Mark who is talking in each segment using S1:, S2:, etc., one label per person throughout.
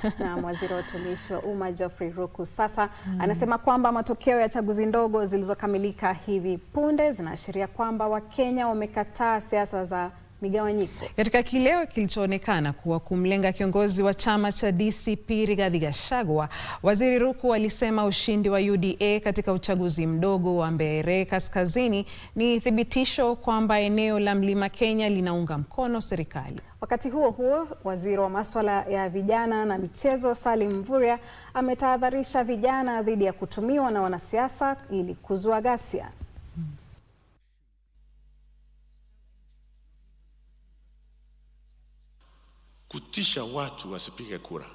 S1: na waziri wa utumishi wa umma Geoffrey Ruku sasa mm. anasema kwamba matokeo ya chaguzi ndogo zilizokamilika hivi punde zinaashiria kwamba Wakenya wamekataa siasa za migawanyiko.
S2: Katika kileo kilichoonekana kuwa kumlenga kiongozi wa chama cha DCP Rigathi Gachagua, Waziri Ruku alisema ushindi wa UDA katika uchaguzi mdogo wa Mbeere Kaskazini ni thibitisho kwamba eneo la Mlima Kenya linaunga mkono serikali.
S1: Wakati huo huo, waziri wa masuala ya vijana na michezo Salim Mvurya ametahadharisha vijana dhidi ya kutumiwa na wanasiasa ili kuzua ghasia.
S3: kutisha watu wasipige kura.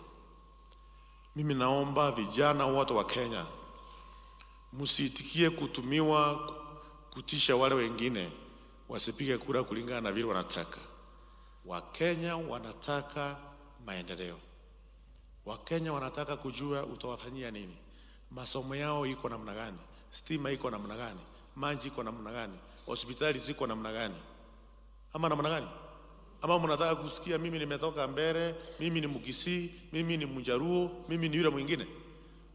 S3: Mimi naomba vijana wote wa Kenya msitikie kutumiwa kutisha wale wengine wasipige kura kulingana na vile wanataka. Wakenya wanataka maendeleo. Wakenya wanataka kujua utawafanyia nini, masomo yao iko namna gani, stima iko namna gani, maji iko namna gani, hospitali ziko namna gani, ama namna gani? ama mnataka kusikia mimi nimetoka Mbere, mimi ni Mkisii, mimi ni Mjaruo, mimi ni yule mwingine?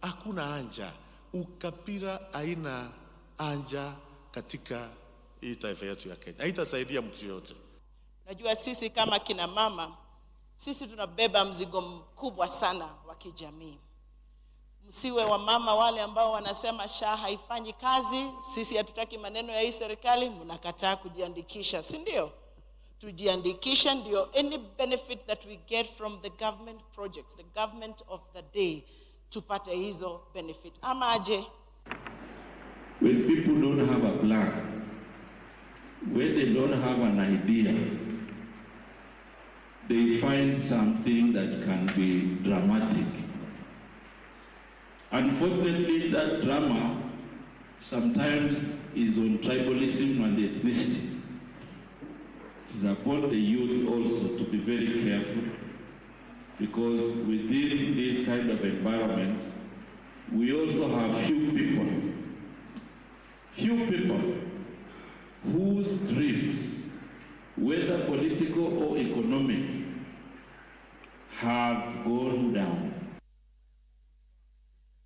S3: Hakuna anja, ukabila haina anja katika hii taifa yetu ya Kenya, haitasaidia mtu yoyote.
S4: Najua sisi kama kina mama, sisi tunabeba mzigo mkubwa sana wa kijamii. Msiwe wa mama wale ambao wanasema SHA haifanyi kazi, sisi hatutaki maneno ya hii serikali, mnakataa kujiandikisha, si ndio? tujiandikishe ndio any benefit that we get from the government projects, the government of the day, tupate hizo benefit ama aje?
S5: When people don't have a plan, when they don't have an idea, they find something that can be dramatic. Unfortunately, that drama sometimes is on tribalism and ethnicity. is upon the youth also to be very careful because within this kind of environment, we also have few people, few people whose dreams, whether political or economic, have